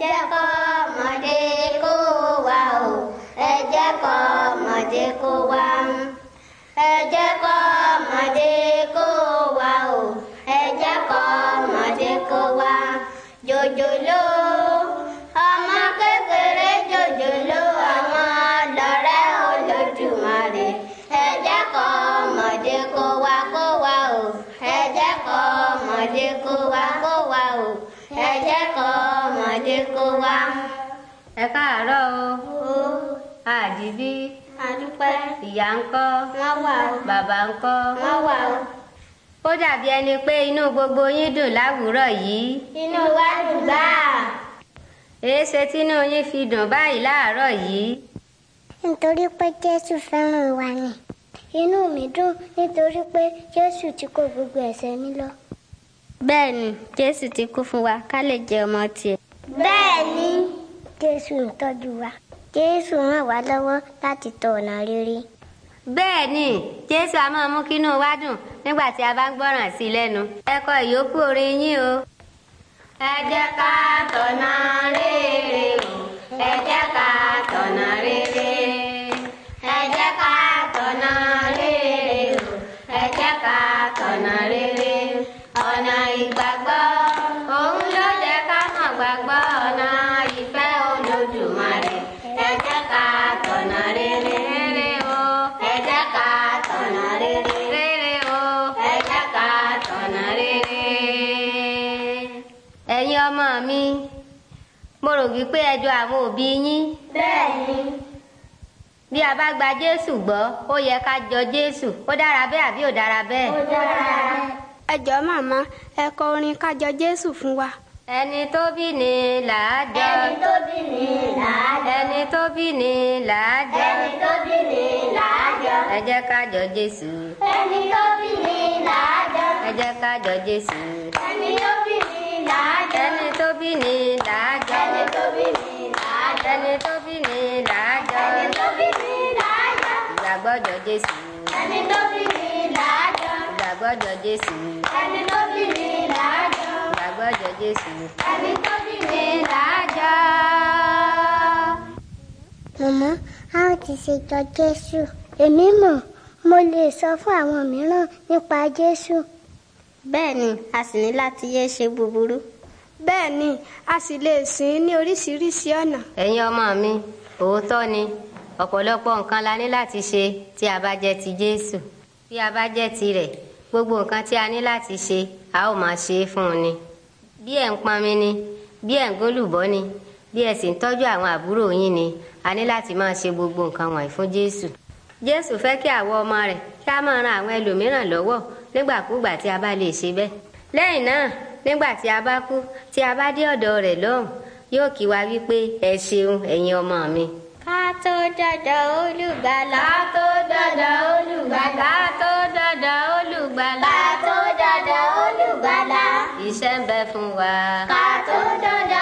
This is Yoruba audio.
jẹ́ kọ́mọdé kó wa o ẹ jẹ́ kọ́mọdé kó wa ẹ jẹ́ kọ́mọdé èkó wa. ẹ káàárọ̀ o. o. àjíbí. àdúpẹ́. ìyá ń kọ́. wọ́n wà o. bàbá ń kọ́. wọ́n wà o. ó dàbí ẹni pé inú gbogbo yín dùn láwùúrọ̀ yìí. inú wa dùn báà. èéṣe tínú yín fi dùn báyìí láàárọ̀ yìí. nítorí pé jésù fẹ́ràn wa ni inú mi dùn nítorí pé jésù ti kó gbogbo ẹ̀ṣẹ̀ mi lọ. bẹ́ẹ̀ jésù ti kú fún wa ká lè jẹ́ ọmọ tiẹ̀. bẹ́ẹ̀ jésù ń tọ́jú wa jésù ràn wá lọ́wọ́ láti tọ ọ̀nà rere. bẹ́ẹ̀ jésù a máa mú kínú wa dùn nígbà tí a bá ń gbọ́ràn sí i lẹ́nu ẹ kọ ìyókù orin yín o. ẹ tọ̀nà rere o ẹ tọ̀nà rere ẹ jẹ́ ká tọ̀nà rere o ẹ jẹ́ ká tọ̀nà rere ọ̀nà ìgbàgbọ́. ẹ̀yin ọmọ mi mo rò wípé ẹ jọ àwọn òbí yín. bẹ́ẹ̀ ni. bí a bá gba jésù gbọ́ ó yẹ ká jọ jésù ó dára bẹ́ẹ̀ àbí ò dára bẹ́ẹ̀. ó dára. ẹ màmá ẹ kọ orin ká jọ jésù fún wa ẹni tó ni làájọ. ẹni tó bí ni làájọ. ẹni tó bí ni làájọ. ẹni tó bí ni làájọ. ẹ jẹ́ ká jọ Jésù. ẹni tó bí ni làájọ. ẹ jẹ́ ká jọ Jésù. ẹni tó la jẹ. ẹni tó bí ni là á jọ. ẹni tó bí ni là á jọ. ẹni tó bí ni là á jọ. ẹni tó bí ni là á jọ. ìgbàgbọ́jọ Jésù. ẹni tó bí ni là á jọ. ìgbàgbọ́jọ Jésù. ẹni tó bí ni là á jọ. ìgbàgbọ́jọ Jésù. ẹni tó bí ni là á jọ. màmá a ó ti ṣètò Jésù èmi mọ̀ mo lè sọ fún àwọn mìíràn nípa Jésù bẹ́ẹ̀ ni a sì ní láti yé ṣe búburú. bẹ́ẹ̀ ni a sì lè sìn ní oríṣiríṣi ọ̀nà. ẹ̀yin ọmọ mi òótọ́ ni ọ̀pọ̀lọpọ̀ nǹkan la ní láti ṣe tí a bá jẹ́ ti Jésù bí a bá jẹ́ tirẹ̀ gbogbo nǹkan tí a ní láti ṣe a ó máa ṣe é fún un ni. bí ẹ̀ ń pọnmi ni bí ẹ̀ ń gólùbọ́ ni bí ẹ sì ń tọ́jú àwọn àbúrò yín ni a ní láti máa ṣe gbogbo nǹkan wọ̀nyí fún Jésù jésù fẹ́ kí àwa ọmọ rẹ̀ kí a máa ran àwọn ẹlòmíràn lọ́wọ́ nígbàkúgbà tí a bá lè ṣe bẹ́ẹ̀ lẹ́yìn náà nígbà tí a bá kú tí a bá dé ọ̀dọ̀ rẹ̀ lọ́hùn yóò kí wa wípé ẹ ṣeun ẹ̀yin ọmọ mi. ká tó dọ̀dọ̀ olùgbàlà. ká tó dọ̀dọ̀ olùgbàlà. ká tó dọ̀dọ̀ olùgbàlà. ká tó dọ̀dọ̀ olùgbàlà. iṣẹ́ ń bẹ fún wa. ká tó dọ̀dọ̀.